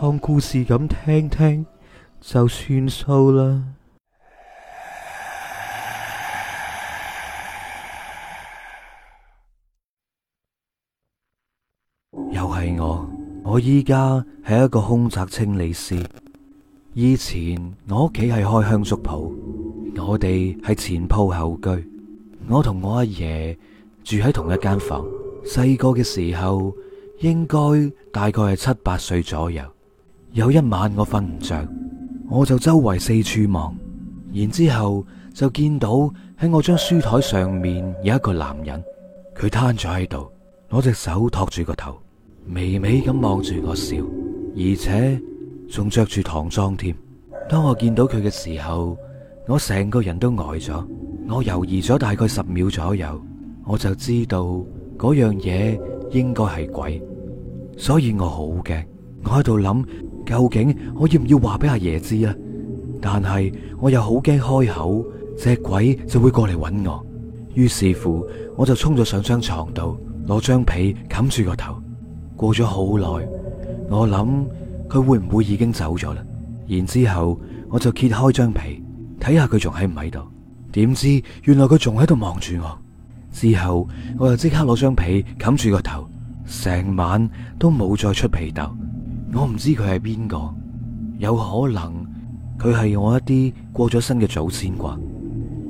當故事咁聽聽就算數啦。又係我，我依家係一個空宅清理師。以前我屋企係開香燭鋪，我哋係前鋪後居。我同我阿爺住喺同一間房，細個嘅時候，應該大概係七八歲左右。有一晚我瞓唔着，我就周圍四處望，然之後就見到喺我張書台上面有一個男人，佢攤咗喺度，攞隻手托住個頭，微微咁望住我笑，而且仲着住唐裝添。當我見到佢嘅時候，我成個人都呆咗，我猶豫咗大概十秒左右，我就知道嗰樣嘢應該係鬼，所以我好驚，我喺度諗。究竟我要唔要話俾阿爺知啊？但係我又好驚開口，隻鬼就會過嚟搵我。於是乎，我就衝咗上張床度，攞張被冚住個頭。過咗好耐，我諗佢會唔會已經走咗啦？然之後我就揭開張被睇下佢仲喺唔喺度。點知原來佢仲喺度望住我。之後我又即刻攞張被冚住個頭，成晚都冇再出被竇。我唔知佢係邊個，有可能佢係我一啲過咗身嘅祖先啩，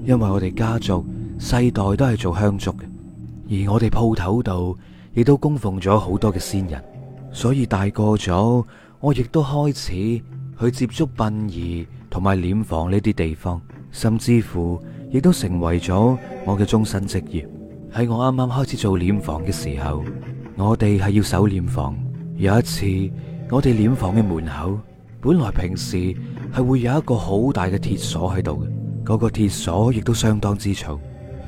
因為我哋家族世代都係做香燭嘅，而我哋鋪頭度亦都供奉咗好多嘅先人，所以大個咗，我亦都開始去接觸殯儀同埋殮房呢啲地方，甚至乎亦都成為咗我嘅終身職業。喺我啱啱開始做殮房嘅時候，我哋係要守殮房，有一次。我哋殮房嘅門口本來平時係會有一個好大嘅鐵鎖喺度嘅，嗰個鐵鎖亦都相當之重。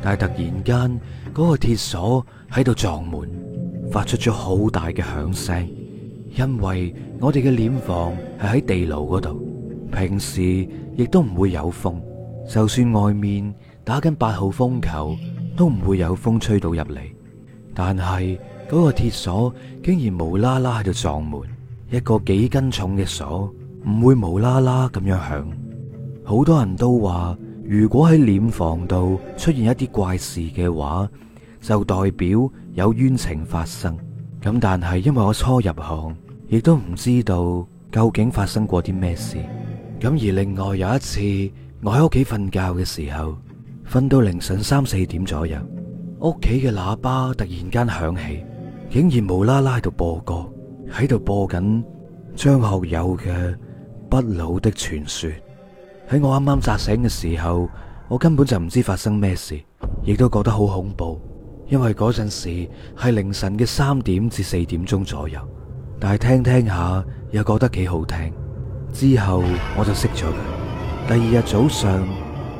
但係突然間嗰個鐵鎖喺度撞門，發出咗好大嘅響聲。因為我哋嘅殮房係喺地牢嗰度，平時亦都唔會有風，就算外面打緊八號風球都唔會有風吹到入嚟。但係嗰個鐵鎖竟然無啦啦喺度撞門。一個幾斤重嘅鎖唔會無啦啦咁樣響，好多人都話，如果喺殮房度出現一啲怪事嘅話，就代表有冤情發生。咁但係因為我初入行，亦都唔知道究竟發生過啲咩事。咁而另外有一次，我喺屋企瞓覺嘅時候，瞓到凌晨三四點左右，屋企嘅喇叭突然間響起，竟然無啦啦喺度播歌。喺度播緊張學友嘅《不老的傳說》。喺我啱啱紮醒嘅時候，我根本就唔知發生咩事，亦都覺得好恐怖。因為嗰陣時係凌晨嘅三點至四點鐘左右，但係聽聽下又覺得幾好聽。之後我就熄咗佢。第二日早上，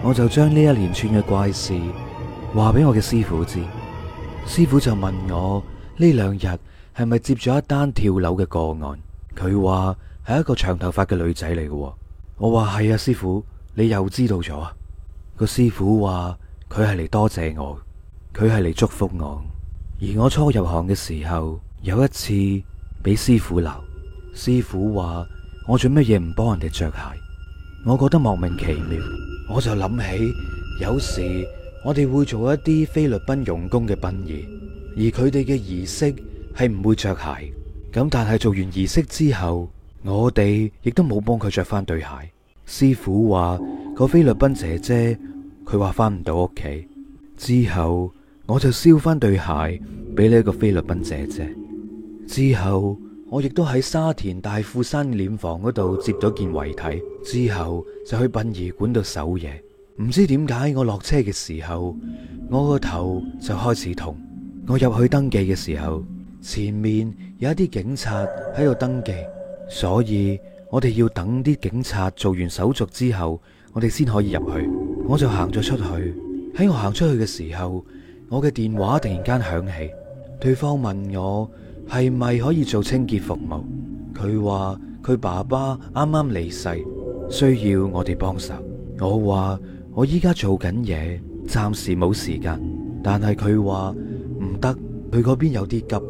我就將呢一連串嘅怪事話俾我嘅師傅知。師傅就問我呢兩日，係咪接咗一單跳樓嘅個案？佢話係一個長頭髮嘅女仔嚟嘅。我話係啊，師傅，你又知道咗啊？個師傅話佢係嚟多謝我，佢係嚟祝福我。而我初入行嘅時候，有一次俾師傅鬧，師傅話我做乜嘢唔幫人哋着鞋？我覺得莫名其妙，我就諗起有時我哋會做一啲菲律賓傭工嘅殯儀，而佢哋嘅儀式。係唔會着鞋咁，但係做完儀式之後，我哋亦都冇幫佢着翻對鞋。師傅話個菲律賓姐姐，佢話翻唔到屋企之後，我就燒翻對鞋俾呢一個菲律賓姐姐。之後我亦都喺沙田大富山殮房嗰度接咗件遺體，之後就去殯儀館度守夜。唔知點解我落車嘅時候，我個頭就開始痛。我入去登記嘅時候。前面有一啲警察喺度登記，所以我哋要等啲警察做完手續之後，我哋先可以入去。我就行咗出去，喺我行出去嘅時候，我嘅電話突然間響起，對方問我係咪可以做清潔服務？佢話佢爸爸啱啱離世，需要我哋幫手。我話我依家做緊嘢，暫時冇時間。但係佢話唔得，佢嗰邊有啲急。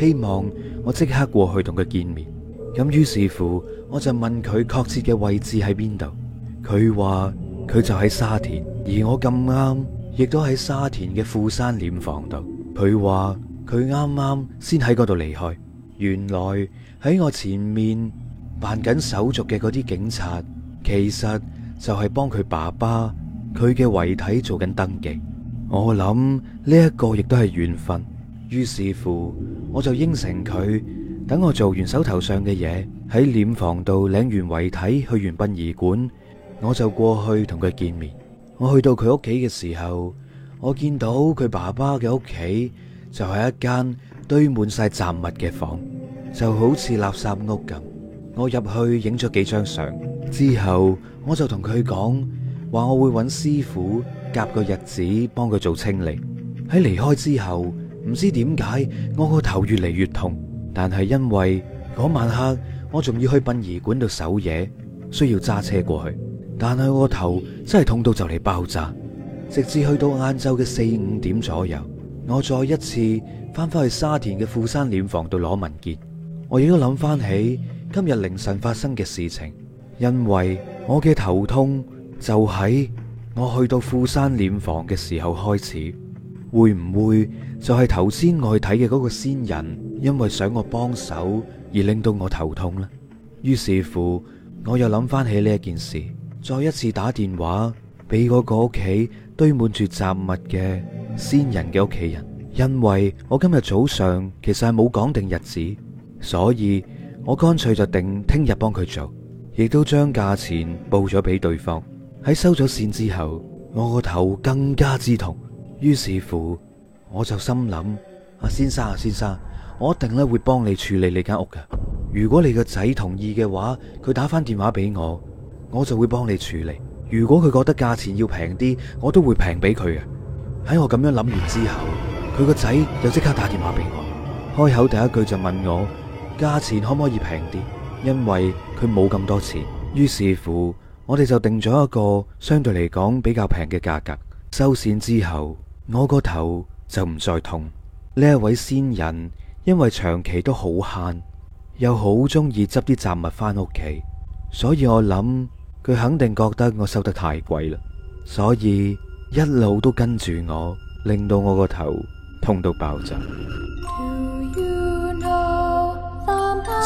希望我即刻過去同佢見面。咁於是乎，我就問佢確切嘅位置喺邊度。佢話佢就喺沙田，而我咁啱亦都喺沙田嘅富山殮房度。佢話佢啱啱先喺嗰度離開。原來喺我前面辦緊手續嘅嗰啲警察，其實就係幫佢爸爸佢嘅遺體做緊登記。我諗呢一個亦都係緣分。於是乎。我就應承佢，等我做完手頭上嘅嘢，喺殮房度領完遺體，去完殯儀館，我就過去同佢見面。我去到佢屋企嘅時候，我見到佢爸爸嘅屋企就係一間堆滿晒雜物嘅房，就好似垃圾屋咁。我入去影咗幾張相之後，我就同佢講，話我會揾師傅夾個日子幫佢做清理。喺離開之後。唔知點解我個頭越嚟越痛，但係因為嗰晚黑我仲要去殯儀館度守夜，需要揸車過去，但係我個頭真係痛到就嚟爆炸，直至去到晏晝嘅四五點左右，我再一次翻返去沙田嘅富山殮房度攞文件，我亦都諗翻起今日凌晨發生嘅事情，因為我嘅頭痛就喺我去到富山殮房嘅時候開始。會唔會就係頭先我去睇嘅嗰個先人，因為想我幫手而令到我頭痛呢？於是乎，我又諗翻起呢一件事，再一次打電話俾嗰個屋企堆滿住雜物嘅先人嘅屋企人，因為我今日早上其實係冇講定日子，所以我乾脆就定聽日幫佢做，亦都將價錢報咗俾對方。喺收咗線之後，我個頭更加之痛。於是乎，我就心諗：阿先生啊，先生，我一定咧會幫你處理你間屋嘅。如果你個仔同意嘅話，佢打翻電話俾我，我就會幫你處理。如果佢覺得價錢要平啲，我都會平俾佢嘅。喺我咁樣諗完之後，佢個仔又即刻打電話俾我，開口第一句就問我價錢可唔可以平啲，因為佢冇咁多錢。於是乎，我哋就定咗一個相對嚟講比較平嘅價格。收線之後。我個頭就唔再痛。呢一位先人因為長期都好慳，又好中意執啲雜物返屋企，所以我諗佢肯定覺得我收得太貴啦，所以一路都跟住我，令到我個頭痛到爆炸。